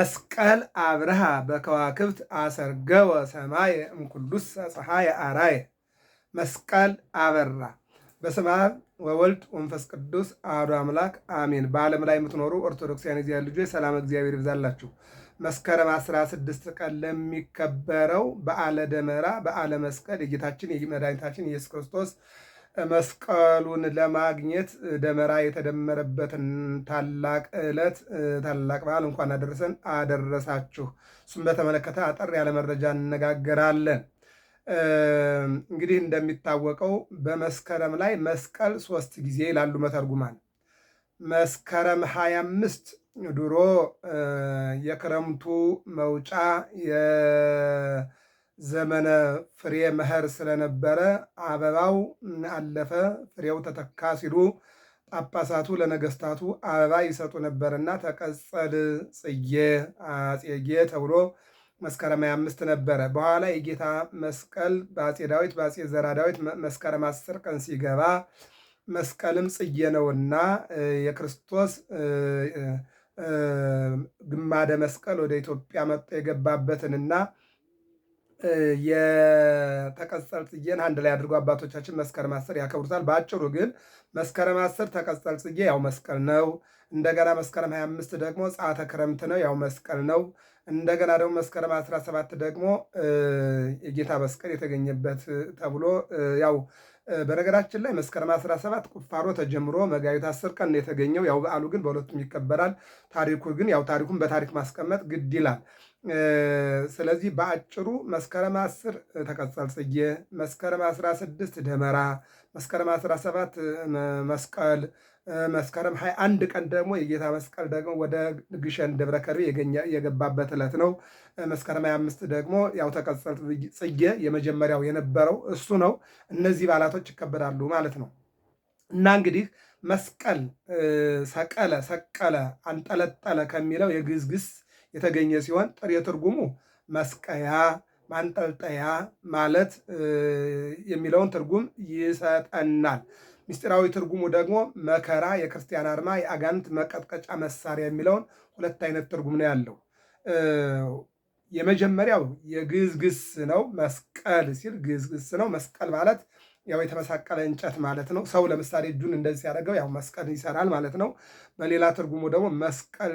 መስቀል አብርሃ በከዋክብት አሰርገወ ሰማየ እምኩሉሰ ፀሐየ አራየ። መስቀል አበራ። በስመ አብ ወወልድ ወንፈስ ቅዱስ አሐዱ አምላክ አሜን። በዓለም ላይ የምትኖሩ ኦርቶዶክሳውያን እግዚአብሔር ልጆች ሰላም እግዚአብሔር ይብዛላችሁ። መስከረም 16 ቀን ለሚከበረው በዓለ ደመራ በዓለ መስቀል የጌታችን የመድኃኒታችን ኢየሱስ ክርስቶስ መስቀሉን ለማግኘት ደመራ የተደመረበትን ታላቅ ዕለት ታላቅ በዓል እንኳን አደረሰን አደረሳችሁ። እሱም በተመለከተ አጠር ያለ መረጃ እነጋገራለን። እንግዲህ እንደሚታወቀው በመስከረም ላይ መስቀል ሶስት ጊዜ ይላሉ መተርጉማን። መስከረም ሀያ አምስት ድሮ የክረምቱ መውጫ ዘመነ ፍሬ መኸር ስለነበረ አበባው አለፈ፣ ፍሬው ተተካ ሲሉ ጳጳሳቱ ለነገስታቱ አበባ ይሰጡ ነበርና ተቀጸል ጽጌ አጼጌ ተብሎ መስከረም 25 ነበረ። በኋላ የጌታ መስቀል በአጼ ዳዊት በአጼ ዘራ ዳዊት መስከረም 10 ቀን ሲገባ መስቀልም ጽጌ ነውና የክርስቶስ ግማደ መስቀል ወደ ኢትዮጵያ መጥቶ የገባበትንና የተቀጸል ጽጌን አንድ ላይ አድርጎ አባቶቻችን መስከረም አስር ያከብሩታል። በአጭሩ ግን መስከረም አስር ተቀጸል ጽጌ ያው መስቀል ነው። እንደገና መስከረም 25 ደግሞ ጸአተ ክረምት ነው፣ ያው መስቀል ነው። እንደገና ደግሞ መስከረም 17 ደግሞ የጌታ መስቀል የተገኘበት ተብሎ ያው በነገራችን ላይ መስከረም 17 ቁፋሮ ተጀምሮ መጋቢት አስር ቀን የተገኘው ያው በዓሉ ግን በሁለቱም ይከበራል። ታሪኩ ግን ያው ታሪኩን በታሪክ ማስቀመጥ ግድ ይላል። ስለዚህ በአጭሩ መስከረም 10 ተቀጸል ጽጌ፣ መስከረም 16 ደመራ፣ መስከረም 17 መስቀል መስከረም 21 ቀን ደግሞ የጌታ መስቀል ደግሞ ወደ ግሸን ደብረ ከርቤ የገባበት ዕለት ነው። መስከረም 25 ደግሞ ያው ተቀጸል ጽጌ የመጀመሪያው የነበረው እሱ ነው። እነዚህ በዓላቶች ይከበራሉ ማለት ነው እና እንግዲህ መስቀል ሰቀለ፣ ሰቀለ፣ አንጠለጠለ ከሚለው የግዕዝ ግስ የተገኘ ሲሆን ጥሬ ትርጉሙ መስቀያ ማንጠልጠያ ማለት የሚለውን ትርጉም ይሰጠናል። ምስጢራዊ ትርጉሙ ደግሞ መከራ የክርስቲያን አርማ፣ የአጋንንት መቀጥቀጫ መሳሪያ የሚለውን ሁለት አይነት ትርጉም ነው ያለው። የመጀመሪያው የግዕዝ ግስ ነው። መስቀል ሲል ግዕዝ ግስ ነው። መስቀል ማለት ያው የተመሳቀለ እንጨት ማለት ነው። ሰው ለምሳሌ እጁን እንደዚህ ሲያደርገው ያው መስቀል ይሰራል ማለት ነው። በሌላ ትርጉሙ ደግሞ መስቀል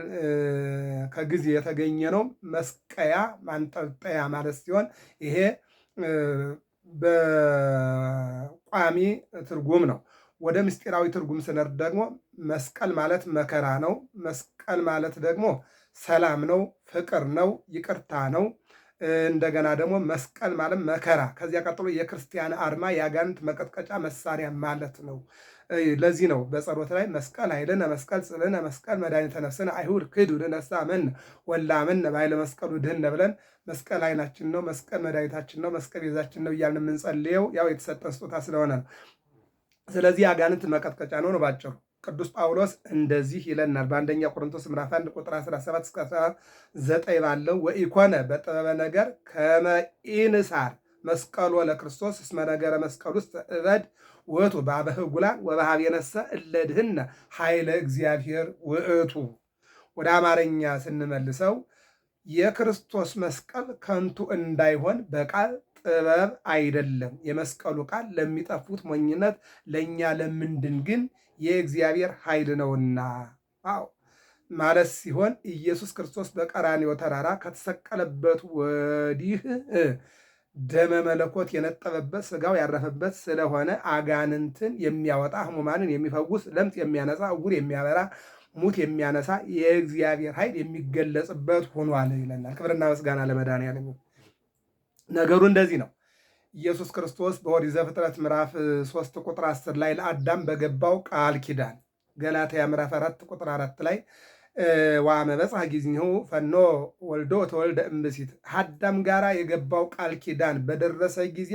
ከግዕዝ የተገኘ ነው። መስቀያ ማንጠልጠያ ማለት ሲሆን ይሄ በቋሚ ትርጉም ነው። ወደ ምስጢራዊ ትርጉም ስነር ደግሞ መስቀል ማለት መከራ ነው። መስቀል ማለት ደግሞ ሰላም ነው፣ ፍቅር ነው፣ ይቅርታ ነው። እንደገና ደግሞ መስቀል ማለት መከራ፣ ከዚያ ቀጥሎ የክርስቲያን አርማ የአጋንንት መቀጥቀጫ መሳሪያ ማለት ነው። ለዚህ ነው በጸሎት ላይ መስቀል ኃይልነ መስቀል ጽልነ መስቀል መድኃኒተ ነፍስነ አይሁድ ክዱ ልነሳመን ወላመን ባይለ መስቀሉ ድህነ ብለን መስቀል ኃይላችን ነው፣ መስቀል መድኃኒታችን ነው፣ መስቀል ቤዛችን ነው እያልን የምንጸልየው ያው የተሰጠን ስጦታ ስለሆነ ነው። ስለዚህ አጋንንት መቀጥቀጫ ነው ነው ባጭሩ። ቅዱስ ጳውሎስ እንደዚህ ይለናል በአንደኛ ቆሮንቶስ ምዕራፍ 1 ቁጥር 17 እስከ 19 ባለው ወኢኮነ በጥበበ ነገር ከመኢንሳር መስቀሎ ለክርስቶስ እስመ ነገረ መስቀል ውስጥ እበድ ውእቱ በአበህጉላ ወባሃብ የነሳ እለድህነ ኃይለ እግዚአብሔር ውእቱ። ወደ አማርኛ ስንመልሰው የክርስቶስ መስቀል ከንቱ እንዳይሆን በቃል ጥበብ አይደለም። የመስቀሉ ቃል ለሚጠፉት ሞኝነት፣ ለእኛ ለምንድን ግን የእግዚአብሔር ኃይል ነውና። አዎ ማለት ሲሆን ኢየሱስ ክርስቶስ በቀራንዮ ተራራ ከተሰቀለበት ወዲህ ደመ መለኮት የነጠበበት ስጋው ያረፈበት ስለሆነ አጋንንትን የሚያወጣ ህሙማንን የሚፈውስ ለምጥ የሚያነጻ እውር የሚያበራ ሙት የሚያነሳ የእግዚአብሔር ኃይል የሚገለጽበት ሆኗል ይለናል። ክብርና ምስጋና ለመድኃኒዓለም። ነገሩ እንደዚህ ነው። ኢየሱስ ክርስቶስ በኦሪት ዘፍጥረት ምዕራፍ 3 ቁጥር 10 ላይ ለአዳም በገባው ቃል ኪዳን ገላትያ ምዕራፍ 4 ቁጥር 4 ላይ ወአመበጽሐ ጊዜሁ ፈኖ ወልዶ ተወልደ እምብእሲት አዳም ጋራ የገባው ቃል ኪዳን በደረሰ ጊዜ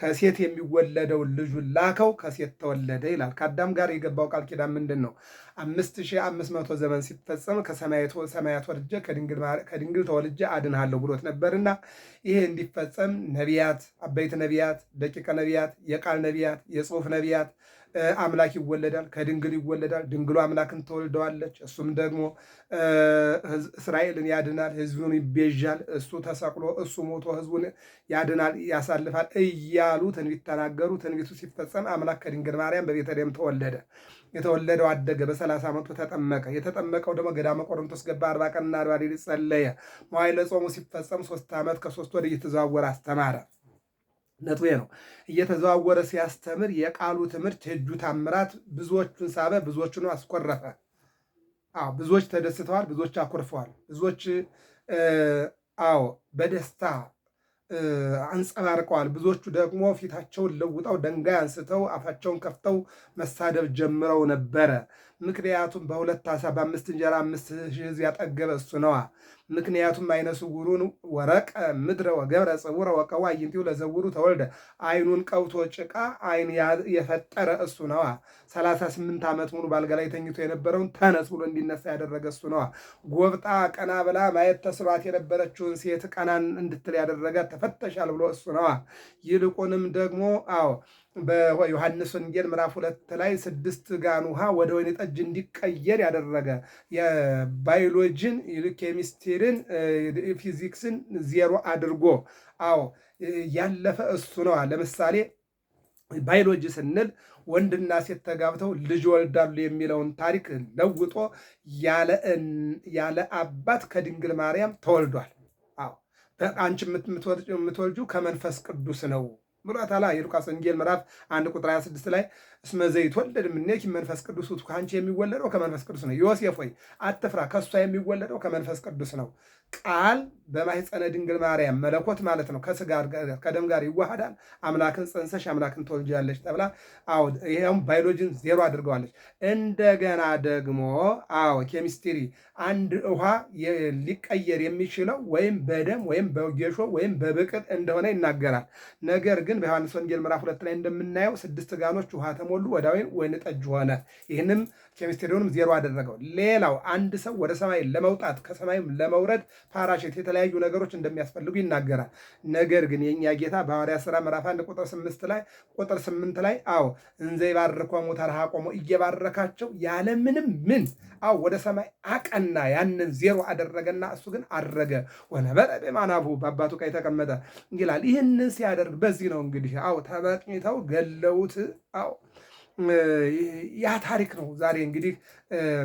ከሴት የሚወለደው ልጁን ላከው፣ ከሴት ተወለደ ይላል። ከአዳም ጋር የገባው ቃል ኪዳን ምንድን ነው? አምስት ሺህ አምስት መቶ ዘመን ሲፈጸም ከሰማያት ወርጄ ከድንግል ተወልጄ አድንሃለሁ ብሎት ነበርና ይሄ እንዲፈጸም ነቢያት፣ አበይት ነቢያት፣ ደቂቀ ነቢያት፣ የቃል ነቢያት፣ የጽሁፍ ነቢያት አምላክ ይወለዳል፣ ከድንግል ይወለዳል። ድንግሉ አምላክን ተወልደዋለች። እሱም ደግሞ እስራኤልን ያድናል፣ ህዝቡን ይቤዣል። እሱ ተሰቅሎ እሱ ሞቶ ህዝቡን ያድናል፣ ያሳልፋል እያሉ ትንቢት ተናገሩ። ትንቢቱ ሲፈጸም አምላክ ከድንግል ማርያም በቤተልሔም ተወለደ። የተወለደው አደገ፣ በሰላሳ ዓመቱ ተጠመቀ። የተጠመቀው ደግሞ ገዳመ ቆሮንቶስ ገባ። አርባ ቀንና አርባ ሌሊት ጸለየ። መዋዕለ ጾሙ ሲፈጸም ሶስት ዓመት ከሶስት ወደ እየተዘዋወረ አስተማረ። ነጥቤ ነው። እየተዘዋወረ ሲያስተምር የቃሉ ትምህርት የእጁ ታምራት ብዙዎቹን ሳበ፣ ብዙዎቹን አስቆረፈ አዎ ብዙዎች ተደስተዋል፣ ብዙዎች አኩርፈዋል። ብዙዎች አዎ በደስታ አንጸባርቀዋል። ብዙዎቹ ደግሞ ፊታቸውን ለውጠው ድንጋይ አንስተው አፋቸውን ከፍተው መሳደብ ጀምረው ነበረ። ምክንያቱም በሁለት ዓሣ በአምስት እንጀራ አምስት ሺህ ሕዝብ ያጠገበ እሱ ነዋ። ምክንያቱም አይነ ስውሩን ወረቀ ምድረ ወገብረ ጽውረ ወቀዋ አይንቲው ለዘውሩ ተወልደ አይኑን ቀውቶ ጭቃ አይን የፈጠረ እሱ ነዋ። 38 ዓመት ሙሉ ባልጋ ላይ ተኝቶ የነበረውን ተነስ ብሎ እንዲነሳ ያደረገ እሱ ነዋ። ጎብጣ ቀና ብላ ማየት ተስሯት የነበረችውን ሴት ቀናን እንድትል ያደረገ ተፈተሻል ብሎ እሱ ነዋ። ይልቁንም ደግሞ አዎ በዮሐንስ ወንጌል ምዕራፍ ሁለት ላይ ስድስት ጋን ውሃ ወደ ወይን ጠጅ እንዲቀየር ያደረገ የባዮሎጂን ኬሚስትሪን፣ ፊዚክስን ዜሮ አድርጎ አዎ ያለፈ እሱ ነው ለምሳሌ ባዮሎጂ ስንል ወንድና ሴት ተጋብተው ልጅ ይወልዳሉ የሚለውን ታሪክ ለውጦ ያለ አባት ከድንግል ማርያም ተወልዷል። አንቺ የምትወልጁ ከመንፈስ ቅዱስ ነው ሙላታላ የሉቃስ ወንጌል ምዕራፍ አንድ ቁጥር 26 ላይ እስመ ዘይትወለድ እምኔኪ መንፈስ ቅዱስ ውእቱ ከአንቺ የሚወለደው ከመንፈስ ቅዱስ ነው። ዮሴፍ ሆይ አትፍራ፣ ከእሷ የሚወለደው ከመንፈስ ቅዱስ ነው። ቃል በማኅፀነ ድንግል ማርያም መለኮት ማለት ነው። ከሥጋ ከደም ጋር ይዋሃዳል። አምላክን ጸንሰሽ አምላክን ተወልጃለሽ ተብላ አዎ፣ ይኸውም ባዮሎጂን ዜሮ አድርገዋለች። እንደገና ደግሞ አዎ፣ ኬሚስትሪ አንድ ውሃ ሊቀየር የሚችለው ወይም በደም ወይም በጌሾ ወይም በብቅል እንደሆነ ይናገራል። ነገር ግን ግን በዮሐንስ ወንጌል ምዕራፍ ሁለት ላይ እንደምናየው ስድስት ጋኖች ውሃ ተሞሉ፣ ወደ ወይን ጠጅ ሆነ። ይህንም ኬሚስትሪውንም ዜሮ አደረገው። ሌላው አንድ ሰው ወደ ሰማይ ለመውጣት ከሰማይም ለመውረድ ፓራሽት፣ የተለያዩ ነገሮች እንደሚያስፈልጉ ይናገራል። ነገር ግን የእኛ ጌታ በሐዋርያ ሥራ ምዕራፍ አንድ ቁጥር ስምንት ላይ ቁጥር ስምንት ላይ አዎ እንዘ ይባርከሙ ተርሃ ቆሞ እየባረካቸው ያለምንም ምን አዎ ወደ ሰማይ አቀና። ያንን ዜሮ አደረገና እሱ ግን አረገ ወነበረ በማናቡ በአባቱ ቀኝ ተቀመጠ ይላል። ይህንን ሲያደርግ በዚህ ነው እንግዲህ አው ተመቅኝተው ገለውት። አው ያ ታሪክ ነው። ዛሬ እንግዲህ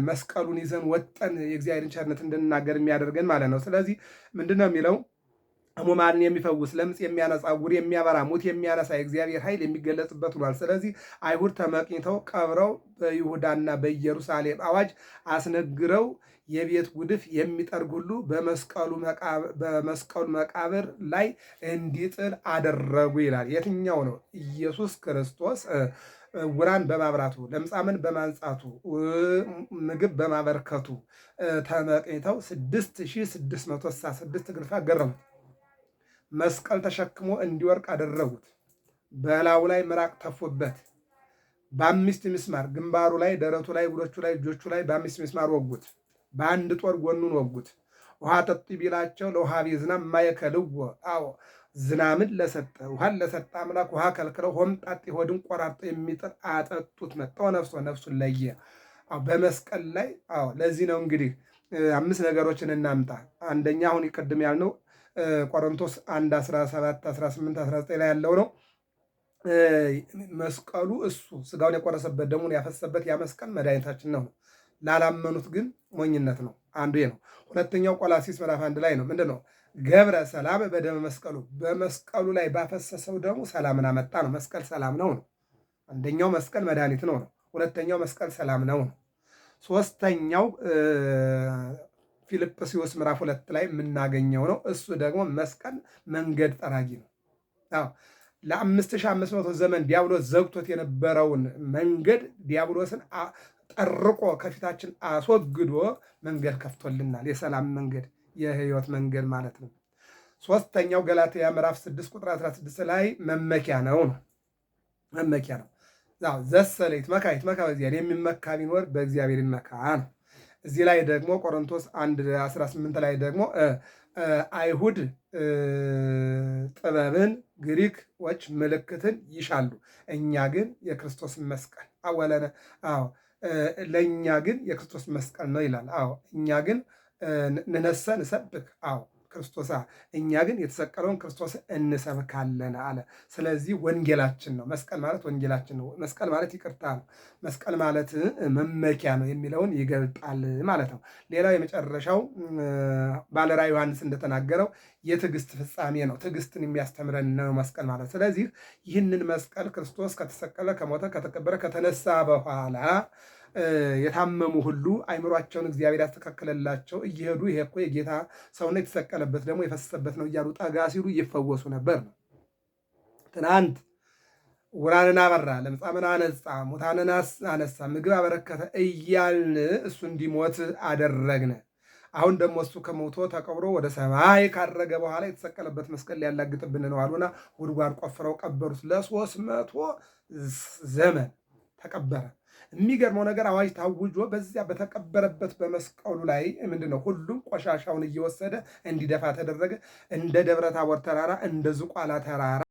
መስቀሉን ይዘን ወጠን የእግዚአብሔርን ቸርነት እንድንናገር የሚያደርገን ማለት ነው። ስለዚህ ምንድን ነው የሚለው ሕሙማንን የሚፈውስ ለምጽ የሚያነጻ ዕውር የሚያበራ ሙት የሚያነሳ የእግዚአብሔር ኃይል የሚገለጽበት ሆኗል። ስለዚህ አይሁድ ተመቅኝተው ቀብረው በይሁዳና በኢየሩሳሌም አዋጅ አስነግረው የቤት ጉድፍ የሚጠርግ ሁሉ በመስቀሉ መቃብር ላይ እንዲጥል አደረጉ ይላል። የትኛው ነው? ኢየሱስ ክርስቶስ ዕውራን በማብራቱ ለምጻምን በማንጻቱ ምግብ በማበርከቱ ተመቅኝተው 6666 ግርፋ ገረሙት። መስቀል ተሸክሞ እንዲወርቅ አደረጉት። በላዩ ላይ ምራቅ ተፉበት። በአምስት ምስማር ግንባሩ ላይ፣ ደረቱ ላይ፣ እግሮቹ ላይ፣ እጆቹ ላይ በአምስት ምስማር ወጉት። በአንድ ጦር ጎኑን ወጉት። ውሃ ጠጡ ቢላቸው ለውሃ ቢዝናም ማየከልዎ አዎ ዝናምን ለሰጠ ውሃን ለሰጠ አምላክ ውሃ ከልክለው ሆምጣጤ ሆድን ቆራርጦ የሚጥር አጠጡት። መጣው ነፍሶ ነፍሱን ለየ። በመስቀል ላይ አዎ ለዚህ ነው እንግዲህ አምስት ነገሮችን እናምጣ። አንደኛ አሁን ቅድም ያልነው ቆሮንቶስ 1 17 18 19 ላይ ያለው ነው። መስቀሉ እሱ ስጋውን የቆረሰበት ደሙን ያፈሰበት ያ መስቀል መድኃኒታችን ነው። ላላመኑት ግን ሞኝነት ነው። አንዱ ነው። ሁለተኛው ቆላሲስ ምዕራፍ አንድ ላይ ነው። ምንድን ነው? ገብረ ሰላም በደመ መስቀሉ፣ በመስቀሉ ላይ ባፈሰሰው ደግሞ ሰላምን አመጣ ነው። መስቀል ሰላም ነው ነው። አንደኛው መስቀል መድኃኒት ነው ነው። ሁለተኛው መስቀል ሰላም ነው ነው። ሶስተኛው ፊልጵስዩስ ምዕራፍ ሁለት ላይ የምናገኘው ነው። እሱ ደግሞ መስቀል መንገድ ጠራጊ ነው። ለአምስት ሺህ አምስት መቶ ዘመን ዲያብሎስ ዘግቶት የነበረውን መንገድ ዲያብሎስን ጠርቆ ከፊታችን አስወግዶ መንገድ ከፍቶልናል። የሰላም መንገድ፣ የህይወት መንገድ ማለት ነው። ሶስተኛው ገላትያ ምዕራፍ 6 ቁጥር 16 ላይ መመኪያ ነው ነው መመኪያ ነው። ዘሰለይት መካ ይትመካ በእግዚአብሔር የሚመካ ቢኖር በእግዚአብሔር ይመካ ነው። እዚህ ላይ ደግሞ ቆሮንቶስ 1 18 ላይ ደግሞ አይሁድ ጥበብን፣ ግሪኮች ምልክትን ይሻሉ፣ እኛ ግን የክርስቶስን መስቀል አወለነ ለእኛ ግን የክርስቶስ መስቀል ነው ይላል። አዎ እኛ ግን ንነሰ ንሰብክ አዎ ክርስቶሳ እኛ ግን የተሰቀለውን ክርስቶስ እንሰብካለን አለ። ስለዚህ ወንጌላችን ነው። መስቀል ማለት ወንጌላችን ነው። መስቀል ማለት ይቅርታ ነው። መስቀል ማለት መመኪያ ነው የሚለውን ይገልጣል ማለት ነው። ሌላው የመጨረሻው ባለራዕይ ዮሐንስ እንደተናገረው የትዕግስት ፍጻሜ ነው። ትዕግስትን የሚያስተምረን ነው መስቀል ማለት። ስለዚህ ይህንን መስቀል ክርስቶስ ከተሰቀለ ከሞተ ከተቀበረ ከተነሳ በኋላ የታመሙ ሁሉ አይምሯቸውን እግዚአብሔር ያስተካከለላቸው እየሄዱ ይሄ እኮ የጌታ ሰውነት የተሰቀለበት ደግሞ የፈሰሰበት ነው እያሉ ጠጋ ሲሉ ይፈወሱ ነበር ነው። ትናንት ውራንን አበራ፣ ለምጻምን አነጻ፣ ሙታንን አነሳ፣ ምግብ አበረከተ እያልን እሱ እንዲሞት አደረግነ። አሁን ደግሞ እሱ ከሞቶ ተቀብሮ ወደ ሰማይ ካረገ በኋላ የተሰቀለበት መስቀል ሊያላግጥብን ነው አሉና ጉድጓድ ቆፍረው ቀበሩት። ለሶስት መቶ ዘመን ተቀበረ። የሚገርመው ነገር አዋጅ ታውጆ በዚያ በተቀበረበት በመስቀሉ ላይ ምንድነው ሁሉም ቆሻሻውን እየወሰደ እንዲደፋ ተደረገ። እንደ ደብረ ታቦር ተራራ እንደ ዝቋላ ተራራ